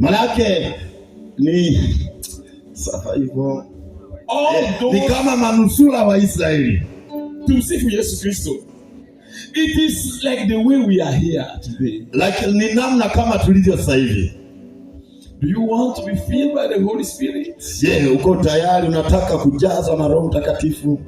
Manake ni sasa hivyo eh, ni kama manusura wa Israeli. Tumsifu Yesu Kristo. It is like the way we are here today. Like ni namna kama tulivyo sasa hivi. Do you want to be filled by the Holy Spirit? Je, yeah, uko tayari unataka kujazwa na Roho Mtakatifu?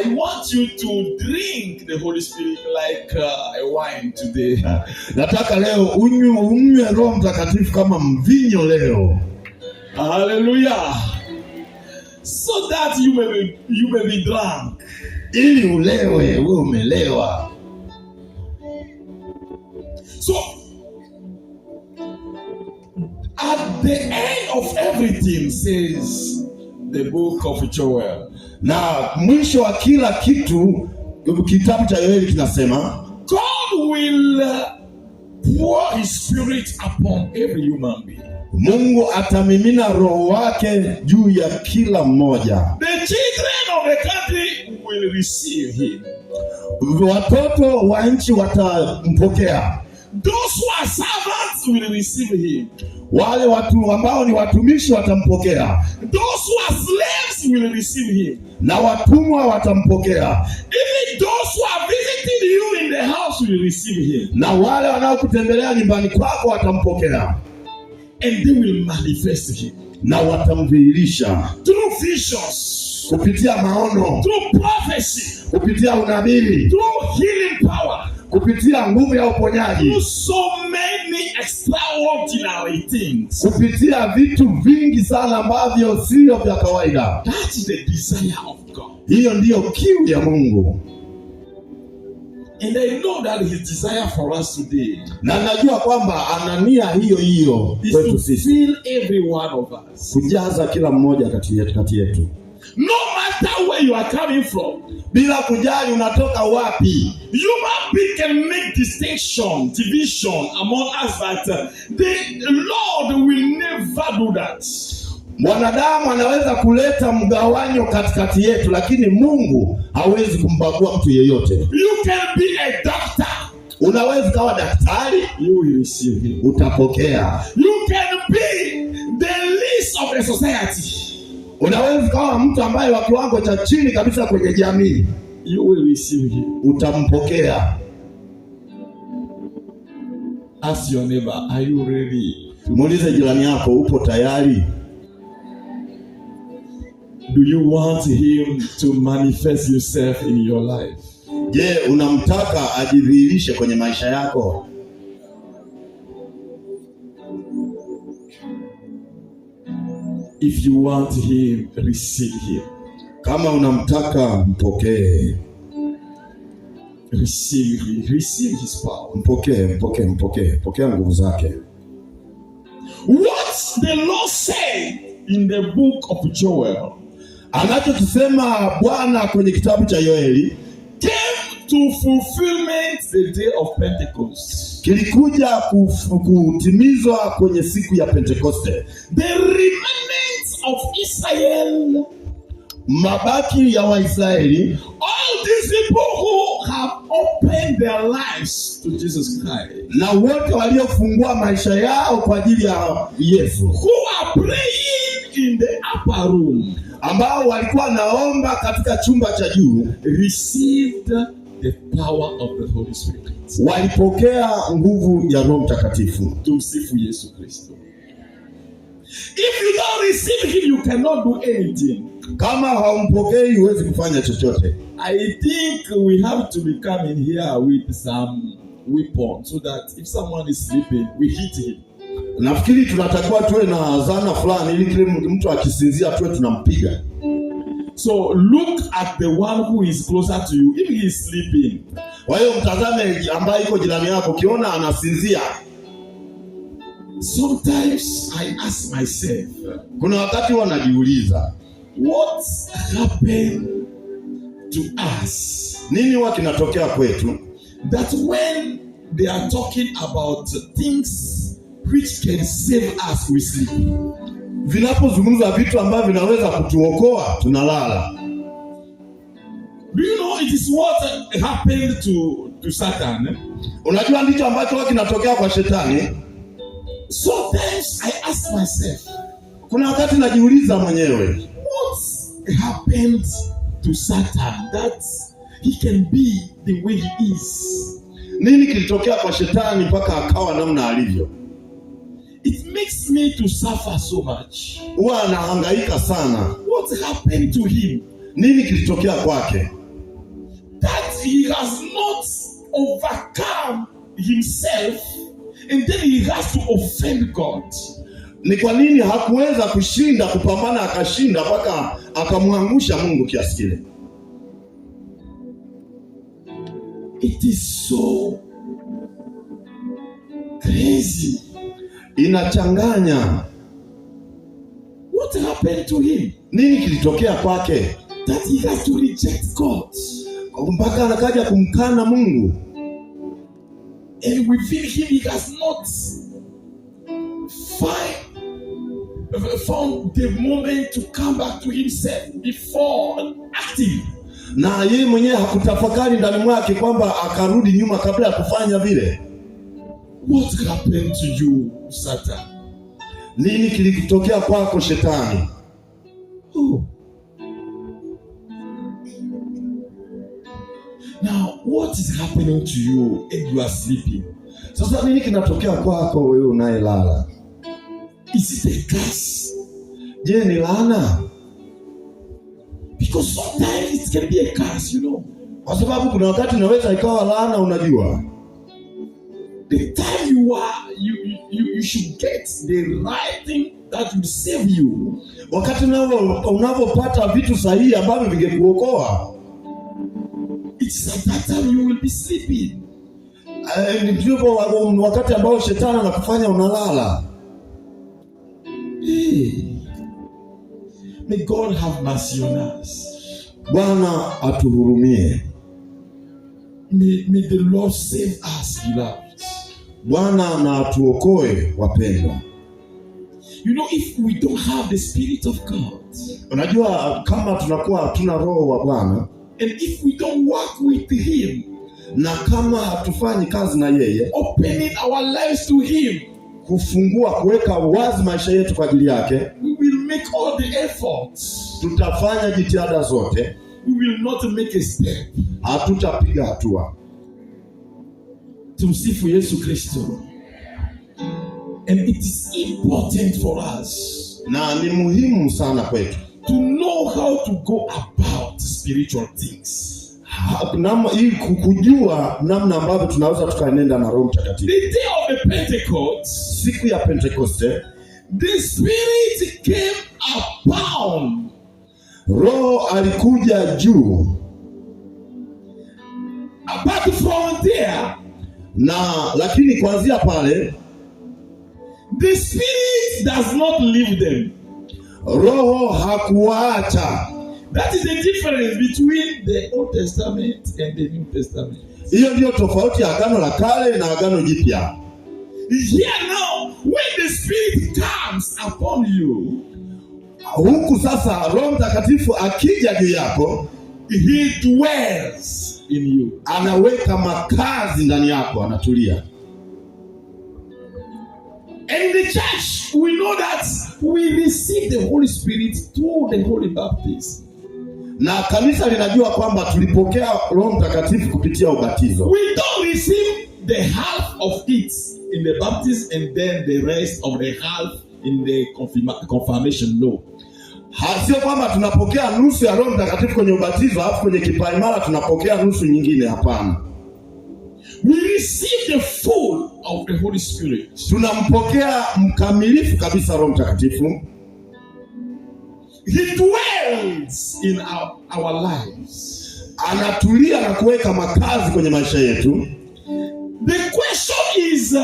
I want you to drink the Holy Spirit like uh, a wine today. Ah. Nataka leo unywe unywe Roho Mtakatifu kama mvinyo leo. Hallelujah. So that you may be, you may be drunk. Ili ulewe, wewe umelewa. So at the end of everything says the book of Joel na mwisho wa kila kitu kitabu cha Yoeli kinasema God will pour his spirit upon every human being. Mungu atamimina roho wake juu ya kila mmoja. The children of the country will receive him. Watoto wa nchi watampokea. Those who are will receive him. Wale watu ambao ni watumishi watampokea. Those who are slaves will receive him. Na watumwa watampokea. Even those who are visiting you in the house will receive him. Na wale wanaokutembelea nyumbani kwako watampokea. And they will manifest him. Na watamdhihirisha. Through visions kupitia maono, through prophecy, kupitia unabii, through healing power, kupitia nguvu ya uponyaji, through so many extraordinary things. Kupitia vitu vingi sana ambavyo sio vya kawaida. That is the desire of God. Hiyo ndiyo kiu ya Mungu. And I know that his desire for us today. Na najua kwamba anania hiyo hiyo kwetu sisi. Fill every one of us. Kujaza kila mmoja kati yetu. No matter where you are coming from, bila kujali unatoka wapi, human being can make distinction, division among us that the Lord will never do that. Mwanadamu anaweza kuleta mgawanyo katikati yetu, lakini Mungu hawezi kumbagua mtu yeyote. You can be a doctor. Unaweza kawa daktari, you will receive, utapokea. You can be the least of the society. Unaweza ukawa mtu ambaye wa kiwango cha chini kabisa kwenye jamii, utampokea. as your neighbor, are you ready? Muulize jirani yako, upo tayari? Do you want him to manifest himself in your life? Je, unamtaka ajidhihirishe kwenye maisha yako? If you want him, receive him. Kama unamtaka mpokee. Receive, receive his power. Mpokee, mpokee, mpokee. Pokea nguvu zake. What the Lord said in the book of Joel. Anachokisema Bwana kwenye kitabu cha Yoeli came to fulfillment the day of Pentecost. Kilikuja kutimizwa kwenye siku ya Pentecoste. The remaining of Israel, mabaki ya Waisraeli, all these people who have opened their lives to Jesus Christ, na wote waliofungua maisha yao kwa ajili ya Yesu, who are praying in the upper room, ambao walikuwa naomba katika chumba cha juu, received the power of the Holy Spirit, walipokea nguvu ya Roho Mtakatifu. Tumsifu Yesu Kristo. If you don't receive him, you cannot do anything. Kama haumpokei huwezi kufanya chochote. I think we have to be coming here with some weapon so that if someone is sleeping, we hit him. Nafikiri tunatakiwa tuwe na zana fulani ili kile mtu akisinzia tuwe tunampiga. So look at the one who is closer to you if he is sleeping. Kwa hiyo mtazame ambaye iko jirani yako, ukiona anasinzia Sometimes I ask myself, kuna wakati huwa najiuliza what happened to us, nini huwa kinatokea kwetu that when they are talking about things which can save us we sleep. Vinapozungumza vitu ambavyo vinaweza kutuokoa tunalala. Do you know it is what happened to, to Satan? Unajua ndicho ambacho kinatokea kwa shetani. Sometimes I ask myself, kuna wakati najiuliza mwenyewe what happened to Satan that he can be the way he is. Nini kilitokea kwa shetani mpaka akawa namna alivyo? It makes me to suffer so much. Huwa anahangaika sana. What happened to him? Nini kilitokea kwake? That he has not overcome himself and then he has to offend God. Ni kwa nini hakuweza kushinda kupambana, akashinda mpaka akamwangusha Mungu kiasi kile? It is so crazy, inachanganya. What happened to him? Nini kilitokea kwake that he has to reject God mpaka anakaja kumkana Mungu? And within him, he has not find, found the moment to come back to himself before acting. Na yeye mwenyewe hakutafakari ndani mwake kwamba akarudi nyuma kabla ya kufanya vile. What happened to you, Satan? Nini kilikutokea kwako shetani? Oh. Now, what is happening to you and you are sleeping. Sasa nini kinatokea kwako wewe unayelala? Is it a curse? Je, ni laana? Because sometimes it can be a curse, you know. Kwa sababu kuna wakati unaweza ikawa laana, unajua. The time you are you, you, you should get the right thing that will save you. Wakati unavyopata vitu sahihi ambavyo vingekuokoa weeks at That time you will be sleeping. Uh, wakati ambao shetani anakufanya unalala. May God have mercy on us. Bwana atuhurumie. May, may the Lord save us beloved. Bwana na atuokoe wapendwa. You know if we don't have the spirit of God. Unajua kama tunakuwa hatuna roho wa Bwana And if we don't work with him, na kama hatufanyi kazi na yeye, opening our lives to him, kufungua kuweka wazi maisha yetu kwa ajili yake, we will make all the efforts, tutafanya jitihada zote, we will not make a step, hatutapiga hatua. Tumsifu Yesu Kristo. And it is important for us, na ni muhimu sana kwetu to know how to go up spiritual things kujua namna ambavyo tunaweza tukaenenda na Roho Mtakatifu. siku ya Pentekoste, the spirit came upon. Roho alikuja juu. Apart from there, na lakini kuanzia pale, the spirit does not leave them. Roho hakuwaacha That is the difference between the Old Testament and the New Testament. Hiyo ndio tofauti ya agano la kale na agano jipya. Here now when the spirit comes upon you, huku sasa Roho Mtakatifu akija juu yako, he dwells in you. Anaweka makazi ndani yako, anatulia. And the church we know that we receive the Holy Spirit through the Holy Baptist na kanisa linajua kwamba tulipokea Roho Mtakatifu kupitia ubatizo. We don't receive the half of it in the baptism and then the rest of the half in the confirmation no. hasio kwamba tunapokea nusu ya Roho Mtakatifu kwenye ubatizo alafu kwenye kipaimara tunapokea nusu nyingine. Hapana, we receive the full of the Holy Spirit. Tunampokea mkamilifu kabisa Roho Mtakatifu. He dwells in our, our lives. Anatulia na kuweka makazi kwenye maisha yetu. The question is uh,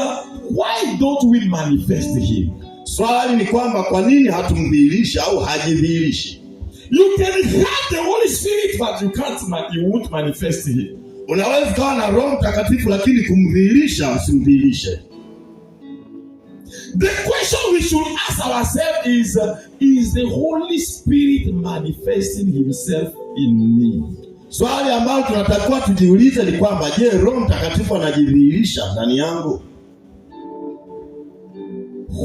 why don't we manifest him? Swali ni kwamba kwa nini hatumdhihirishi au hajidhihirishi? You can have the Holy Spirit but you can't you won't manifest him. Unaweza kuwa na Roho Mtakatifu lakini kumdhihirisha usimdhihirishe. The question we should ask ourselves is Is the Holy Spirit manifesting Himself in me? Swali ambalo tunatakiwa tujiulize ni kwamba, je, Roho Mtakatifu anajidhihirisha ndani yangu?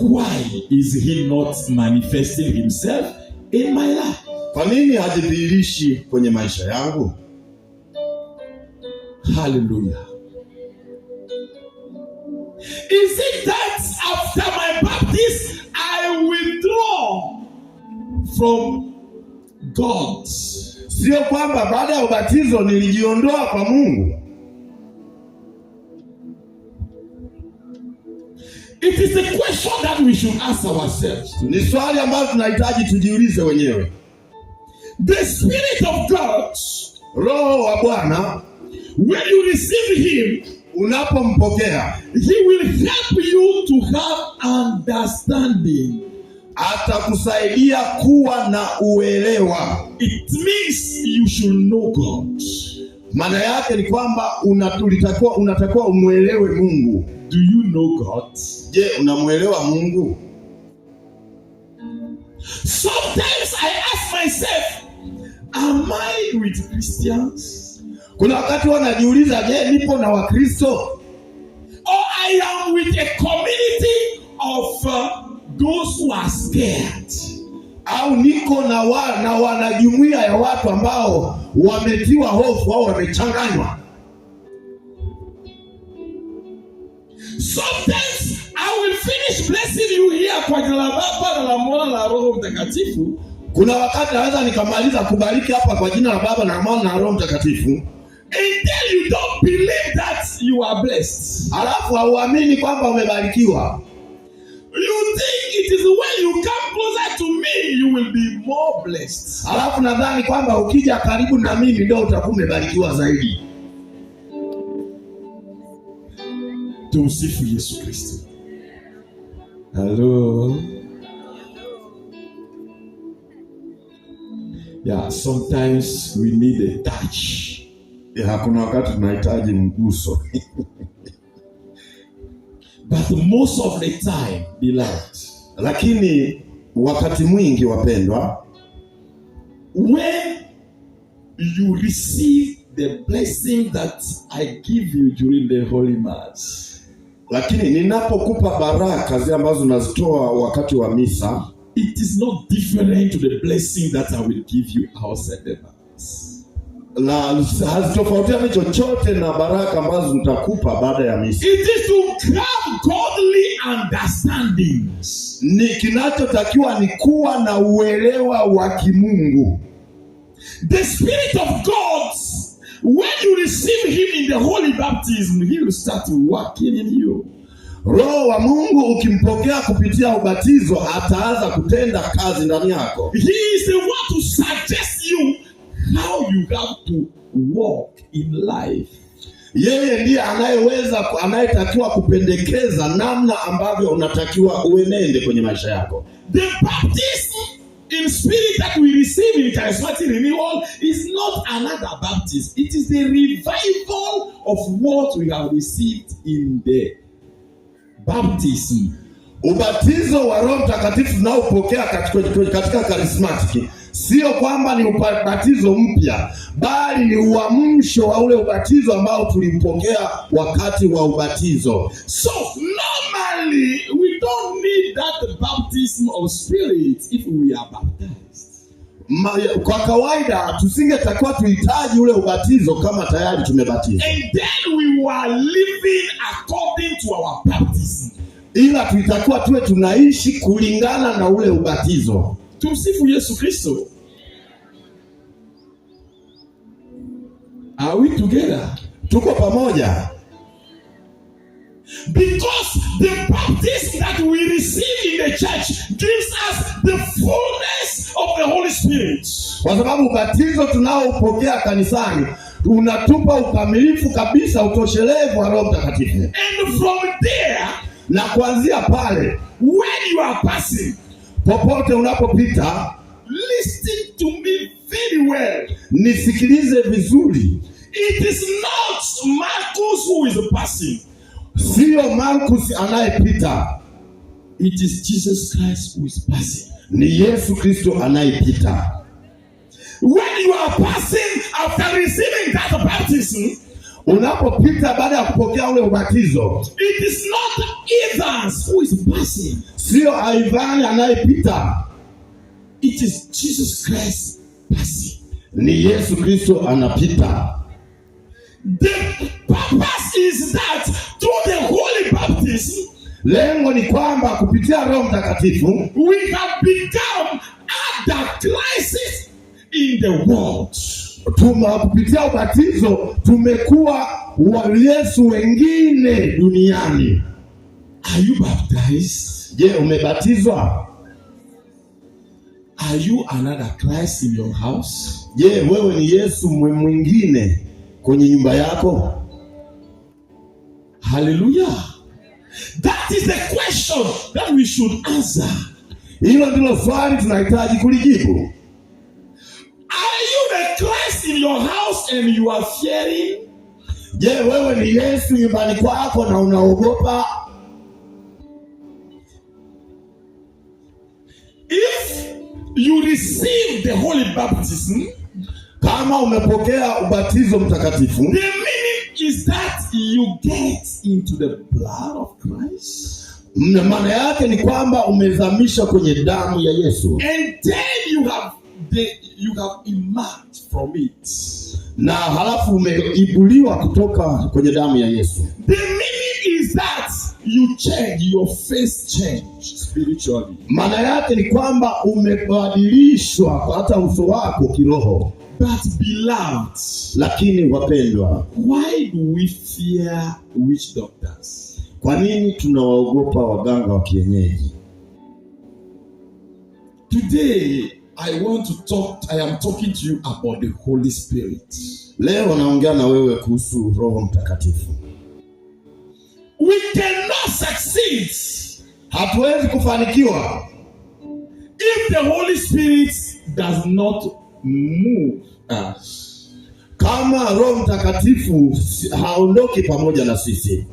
Why is he not manifesting himself in my life? Kwa nini hajidhihirishi kwenye maisha yangu? Haleluya! He said that after my baptism, I withdraw from God. Sio kwamba baada ya ubatizo nilijiondoa kwa Mungu. It is a question that we should ask ourselves. Ni swali ambalo tunahitaji tujiulize wenyewe. The spirit of God, Roho wa Bwana, when you receive him unapompokea, he will help you to have understanding, atakusaidia kuwa na uelewa. It means you should know God. Maana yake ni kwamba unatakiwa unatakiwa umwelewe Mungu. Do you know God? Je, unamwelewa Mungu? Sometimes I ask myself, am I with Christians? Kuna wakati wanajiuliza, je, nipo na Wakristo? Oh, I am with a community of uh, those who are scared. Au niko na wa, na wanajumuia ya watu ambao wametiwa hofu au wamechanganywa. Sometimes I will finish blessing you here kwa jina la Baba na la Mwana na Roho Mtakatifu. Kuna wakati naweza nikamaliza kubariki hapa kwa jina la Baba na Mwana na Roho Mtakatifu. Until you don't believe that you are blessed. Alafu hauamini kwamba umebarikiwa. You think it is when you come closer to me you will be more blessed. Alafu nadhani kwamba ukija karibu na mimi ndio utakuwa umebarikiwa zaidi. Tumsifu Yesu Kristo. Hello. Yeah, sometimes we need a touch kuna wakati tunahitaji mguso but most of the time beloved lakini wakati mwingi wapendwa when you receive the blessing that I give you during the holy mass lakini ninapokupa baraka zile ambazo nazitoa wakati wa misa it is not different to the blessing that I will give you outside the mass la hazitofautiani chochote na baraka ambazo utakupa baada ya misi. It is to have godly understandings. Ni kinachotakiwa ni kuwa na uelewa wa kimungu. The spirit of God when you receive him in the holy baptism he will start working in you. Roho wa Mungu ukimpokea kupitia ubatizo ataanza kutenda kazi ndani yako. He is the one to suggest you how you have to walk in life. Yeye ndiye anayeweza anayetakiwa kupendekeza namna ambavyo unatakiwa uenende kwenye maisha yako. The baptism in spirit that we receive in charismatic renewal is not another baptism. It is the revival of what we have received in the baptism. Ubatizo wa Roho Mtakatifu tunaopokea katika charismatic Sio kwamba ni ubatizo mpya, bali ni uamsho wa ule ubatizo ambao tulipokea wakati wa ubatizo. So normally we don't need that baptism of spirit if we are baptized. kwa kawaida tusingetakiwa tuhitaji ule ubatizo kama tayari tumebatizwa. And then we were living according to our baptism. Ila tulitakiwa tuwe tunaishi kulingana na ule ubatizo. Tumsifu Yesu Kristo. Are ah we together? Tuko pamoja. Because the baptism that we receive in the church gives us the fullness of the Holy Spirit. Kwa sababu ubatizo tunaopokea kanisani unatupa ukamilifu kabisa, utoshelevu wa Roho Mtakatifu. And from there, na kuanzia pale when you are passing popote unapopita, listen to me very well, nisikilize vizuri. It is not Marcus who is passing, siyo Marcus anayepita, it is Jesus Christ who is passing, ni Yesu Kristo anayepita. When you are passing after receiving that baptism unapopita baada ya kupokea ule ubatizo, it is not Evans who is passing, sio Ivan anayepita, it is Jesus Christ passing, ni Yesu Kristo anapita. The purpose is that through the holy baptism, lengo ni kwamba kupitia Roho Mtakatifu we have become at the crisis in the world tuma kupitia ubatizo tumekuwa wa Yesu wengine duniani. Are you baptized? Je, umebatizwa? Are you another Christ in your house? Je, wewe ni Yesu mwingine kwenye nyumba yako? Haleluya. That is the question that we should answer. Hilo ndilo swali tunahitaji kulijibu. Christ in your house and you are fearing? Je, wewe ni Yesu nyumbani kwako na unaogopa? If you receive the holy baptism, kama umepokea ubatizo mtakatifu, the meaning is that you get into the blood of Christ. Maana yake ni kwamba umezamisha kwenye damu ya Yesu. And then you have the, you have immersed from it. Na halafu umeibuliwa kutoka kwenye damu ya Yesu. The meaning is that you change your face change spiritually. Maana yake ni kwamba umebadilishwa hata uso wako kiroho. But beloved, lakini wapendwa, why do we fear witch doctors? Kwa nini tunawaogopa waganga wa kienyeji? Today I want to talk, I am talking to you about the Holy Spirit. Leo naongea na wewe kuhusu Roho Mtakatifu. We cannot succeed. Hatuwezi kufanikiwa if the Holy Spirit does not move us. Kama Roho Mtakatifu haondoki pamoja na sisi.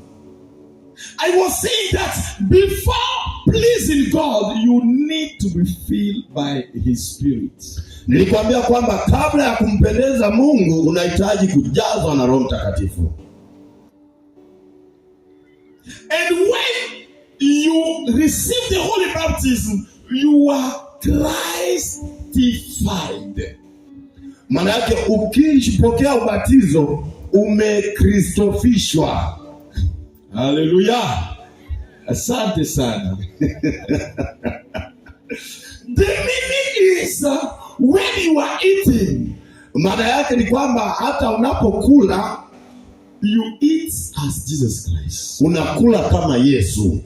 I was saying that before pleasing God, you need to be filled by His Spirit. Nilikwambia kwamba kabla ya kumpendeza Mungu unahitaji kujazwa na Roho Mtakatifu. And when you receive the holy baptism, you are Christified. Maana yake ukishipokea ubatizo umekristofishwa. Haleluya, asante sana. The meaning is when you are eating, maana yake ni kwamba hata unapokula you eat as Jesus Christ, unakula kama Yesu.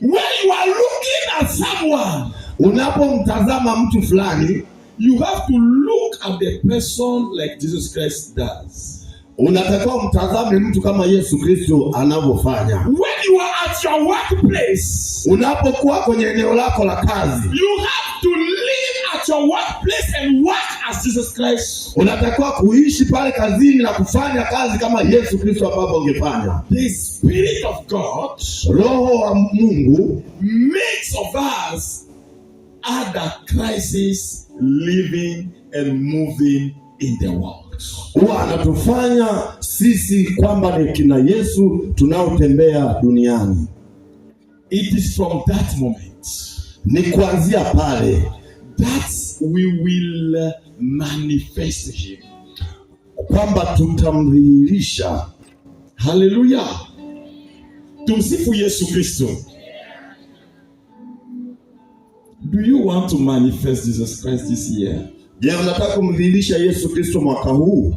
When you are looking at someone, unapomtazama mtu fulani, you have to look at the person like Jesus Christ does. Unatakiwa mtazame mtu kama Yesu Kristo anavyofanya. When you are at your workplace, unapokuwa kwenye eneo lako la kazi, you have to live at your workplace and work as Jesus Christ. Unatakiwa kuishi pale kazini na kufanya kazi kama Yesu Kristo ambavyo ungefanya. The spirit of God, Roho wa Mungu makes of us other Christ living and moving in the world huwa anatufanya sisi kwamba ni kina Yesu tunaotembea duniani. It is from that moment, ni kuanzia pale that we will manifest him, kwamba tutamdhihirisha. Haleluya, tumsifu Yesu Kristo. Do you want to manifest Jesus Christ this year? Je, unataka kumdhihirisha Yesu Kristo mwaka huu?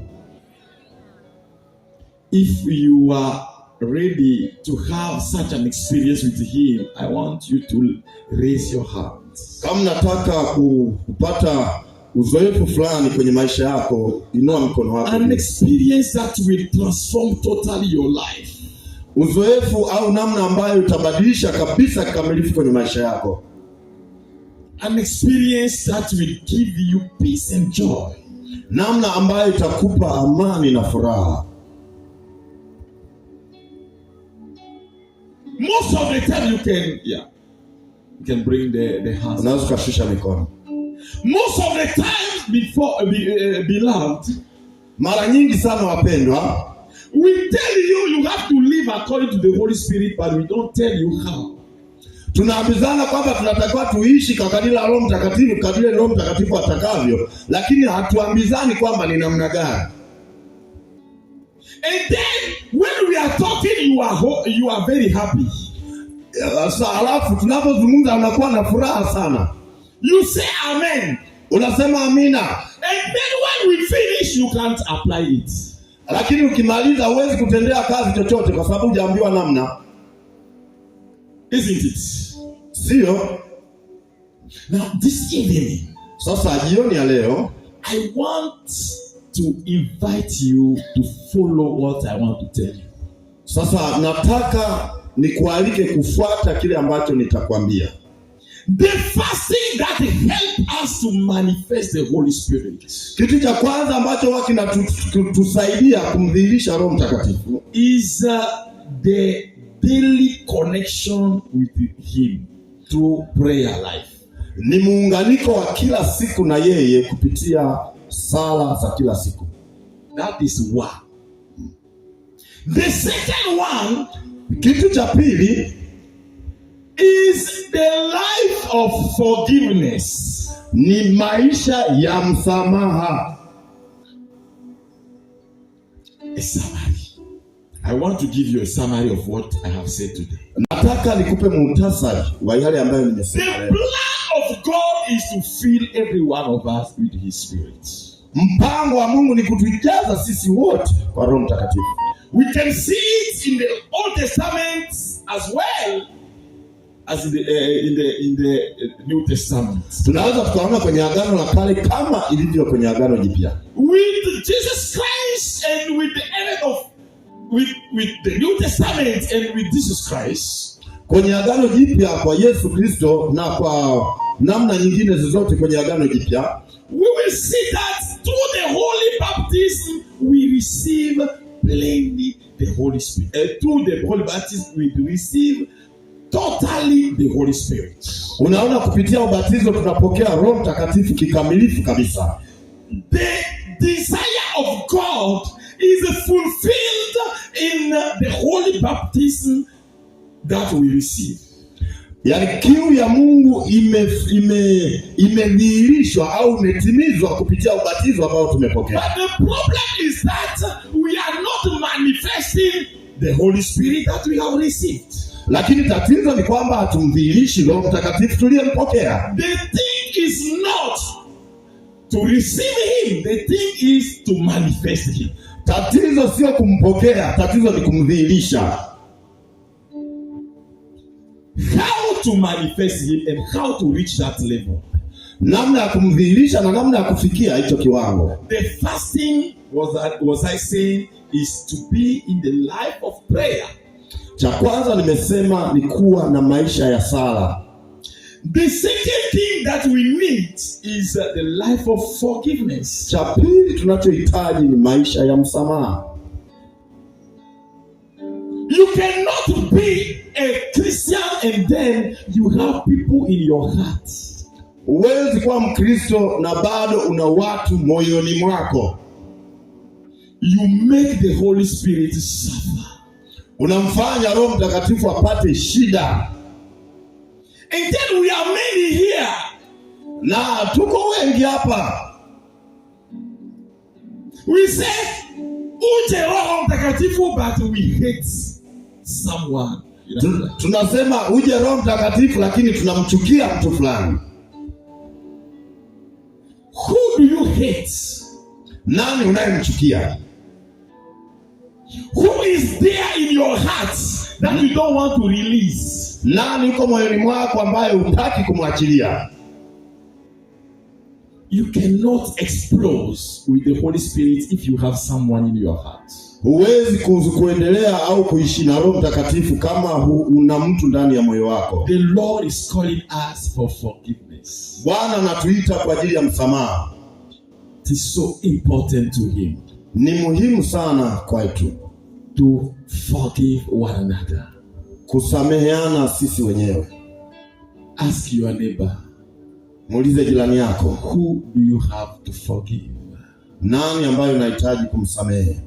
If you are ready to have such an experience with him, I want you to raise your hand. Kama nataka kupata uzoefu fulani kwenye maisha yako, inua mkono wako. An experience that will transform totally your life. Uzoefu au namna ambayo utabadilisha kabisa kikamilifu kwenye maisha yako an experience that will give you peace and joy, namna ambayo itakupa amani na furaha. Most of the time you can, yeah, you can bring the the hands. Unaweza ukashusha mikono. Most of the time before uh, uh, beloved, mara nyingi sana wapendwa, we tell you you have to live according to the Holy Spirit but we don't tell you how. Tunaambizana kwamba tunatakiwa tuishi kwa kadiri la Roho Mtakatifu, kadiri Roho Mtakatifu atakavyo, lakini hatuambizani kwamba ni namna gani. And then when we are talking you are, you are very happy. Uh, alafu tunapozungumza unakuwa na furaha sana. You say amen. Unasema amina. And then when we finish you can't apply it. Lakini ukimaliza huwezi kutendea kazi chochote kwa sababu hujaambiwa namna. Isn't it? Sio? Now this evening, sasa jioni ya leo, I want to invite you to follow what I want to tell you. Sasa nataka nikualike kufuata kile ambacho nitakwambia. The first thing that help us to manifest the Holy Spirit. Kitu cha kwanza ambacho wakinatusaidia kumdhihirisha Roho Mtakatifu is uh, the daily connection with him through prayer life, ni muunganiko wa kila siku na yeye kupitia sala za kila siku. That is one. The second one, kitu cha pili is the life of forgiveness, ni maisha ya msamaha. Msamaha I want to give you a summary of what I have said today. Nataka nikupe muhtasari wa yale ambayo nimesema The plan of God is to fill every one of us with his spirit. Mpango wa Mungu ni kutujaza sisi wote kwa Roho Mtakatifu. We can see it in the Old Testament as well as in the, uh, in the, in the eh, New Testament. Tunaweza tukaona kwenye Agano la Kale kama ilivyo kwenye Agano Jipya. With Jesus Christ and with the end of with, with the New Testament and with Jesus Christ. Kwenye agano jipya kwa Yesu Kristo na kwa namna nyingine zozote kwenye agano jipya, we will see that through the holy baptism we receive plainly the Holy Spirit. And through the holy baptism we receive totally the Holy Spirit. Unaona, kupitia ubatizo tunapokea Roho Mtakatifu kikamilifu kabisa. The desire of God is fulfilled in the holy baptism that we receive. Yani, kiu ya Mungu imedhihirishwa ime, ime au imetimizwa kupitia ubatizo ambao tumepokea. But the problem is that we are not manifesting the Holy Spirit that we have received. Lakini tatizo ni kwamba hatumdhihirishi Roho Mtakatifu tuliyempokea. The thing is not to receive him. The thing is to manifest him. Tatizo sio kumpokea, tatizo ni kumdhihirisha. How to manifest him and how to reach that level, namna ya kumdhihirisha na namna ya kufikia hicho kiwango. The first thing was, that, was I saying is to be in the life of prayer. Cha kwanza nimesema ni kuwa na maisha ya sala. The second thing that we need is uh, the life of forgiveness. Cha pili tunachohitaji ni maisha ya msamaha. You cannot be a Christian and then you have people in your heart. Huwezi kuwa Mkristo na bado una watu moyoni mwako. You make the Holy Spirit suffer. Unamfanya Roho Mtakatifu apate shida. And then we are many here, na tuko wengi hapa. We say uje Roho Mtakatifu, but we hate someone. tunasema uje Roho Mtakatifu, lakini tunamchukia mtu fulani. Who do you hate? Nani unayemchukia? Who is there in your heart that you don't want to release? Nani yuko moyoni mwako ambaye hutaki kumwachilia? You cannot explode with the Holy Spirit if you have someone in your heart. Huwezi kuendelea au kuishi na Roho Mtakatifu kama una mtu ndani ya moyo wako. The Lord is calling us for forgiveness. Bwana anatuita kwa ajili ya msamaha. It is so important to him. Ni muhimu sana kwetu. To forgive one another kusameheana sisi wenyewe. Ask your neighbor, muulize jirani yako, who do you have to forgive? Nani ambayo unahitaji kumsamehe?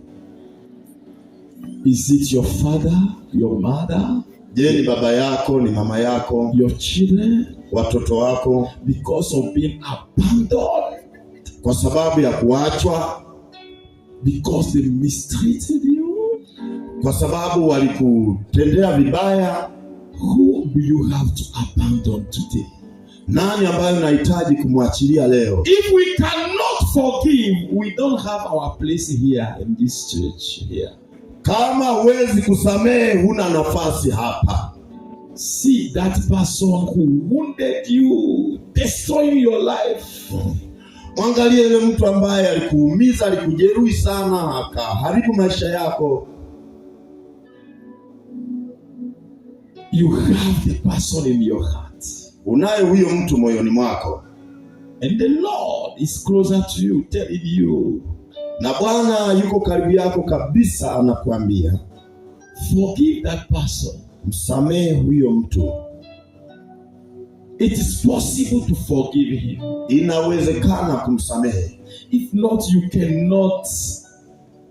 Is it your father, your mother? Je, ni baba yako, ni mama yako? Your children, watoto wako? Because of being abandoned, kwa sababu ya kuachwa. Because they mistreated kwa sababu walikutendea vibaya. Who do you have to abandon today? Nani ambayo unahitaji kumwachilia leo? If we cannot forgive, we don't have our place here in this church here. Kama huwezi kusamehe, huna nafasi hapa. See that person who wounded you, destroying your life. Mwangalie yule mtu ambaye alikuumiza, alikujeruhi sana, akaharibu maisha yako. You have the person in your heart. Unaye huyo mtu moyoni mwako. And the Lord is closer to you, telling you. Na Bwana yuko karibu yako kabisa anakuambia, forgive that person. Msamehe huyo mtu. It is possible to forgive him. Inawezekana kumsamehe. If not, you cannot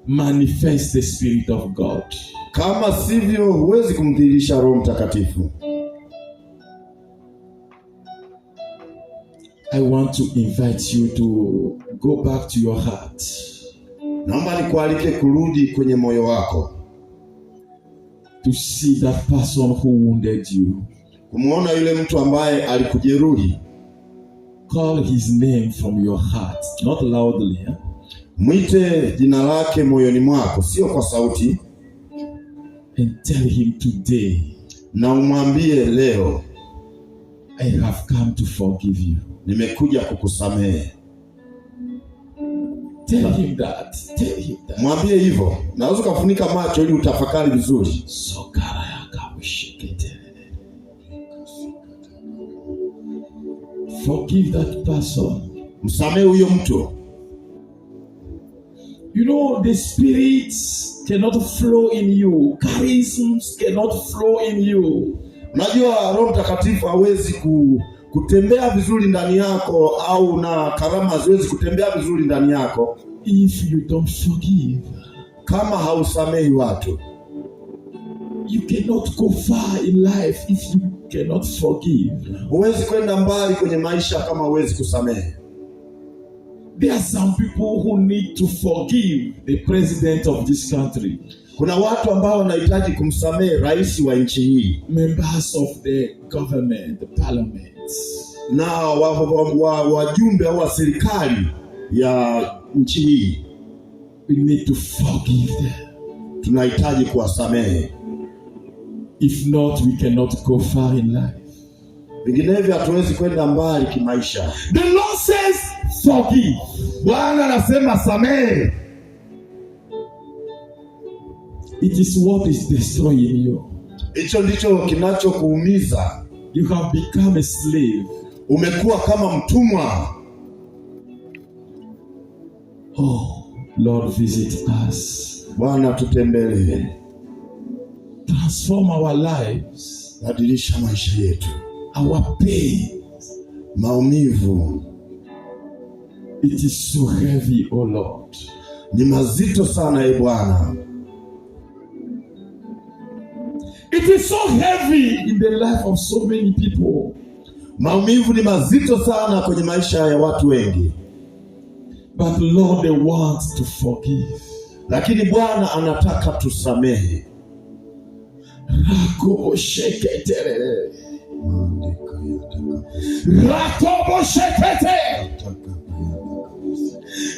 manifest the spirit of God. Kama sivyo, huwezi kumdhihirisha Roho Mtakatifu. I want to invite you to go back to your heart. Naomba nikualike kurudi kwenye moyo wako. To see that person who wounded you. Kumuona yule mtu ambaye alikujeruhi. Call his name from your heart, not loudly. Eh? Mwite jina lake moyoni mwako, sio kwa sauti. And tell him today, na umwambie leo, I have come to forgive you, nimekuja kukusamehe. Tell him that. Tell him that. Mwambie hivyo. Naweza ukafunika macho ili utafakari vizuri. Forgive that person. Msamehe huyo mtu. You know, the spirits cannot flow in you. Charisms cannot flow in you. Unajua Roho Mtakatifu hawezi ku, kutembea vizuri ndani yako au na karama haziwezi kutembea vizuri ndani yako if you don't forgive. Kama hausamehi watu. You cannot go far in life if you cannot forgive. Huwezi kwenda mbali kwenye maisha kama huwezi kusamehe. There are some people who need to forgive the president of this country. Kuna watu ambao wanahitaji kumsamehe rais wa nchi hii. Members of the government, the parliament. Na wajumbe wa, wa, wa serikali ya nchi hii. We need to forgive them. Tunahitaji kuwasamehe. If not, we cannot go far in life vinginevyo hatuwezi kwenda mbali kimaisha. The Lord says forgive. Bwana anasema samehe. It is what is destroying you. Hicho ndicho kinachokuumiza. You have become a slave. Umekuwa kama mtumwa. Oh, Lord visit us. Bwana tutembelee. Transform our lives. Badilisha maisha yetu hawapei maumivu. It is so heavy, oh Lord. Ni mazito sana e Bwana. It is so heavy in the life of so many people. Maumivu ni mazito sana kwenye maisha ya watu wengi. But Lord they wants to forgive. Lakini Bwana anataka tusamehe. rakoosheketerere ratoboshetete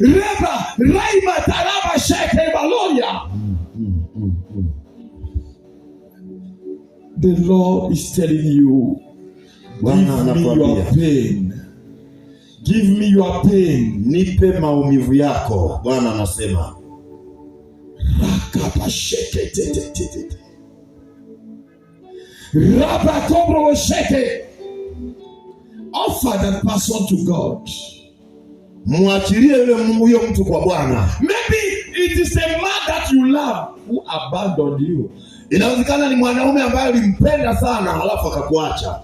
reba raima taraba sheke baloya The Lord is telling you, give me your pain. Give me your pain. Nipe maumivu yako. Bwana anasema. Rakabasheke tete tete. Offer that person to God. Mwachilie yule huyo mtu kwa Bwana. Maybe it is a man that you love who abandoned you. Inawezekana ni mwanaume ambaye ulimpenda sana halafu akakuacha.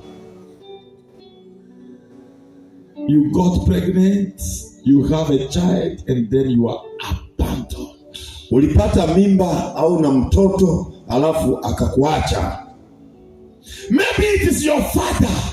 You got pregnant, you have a child and then you are abandoned. Ulipata mimba au na mtoto halafu akakuacha. Maybe it is your father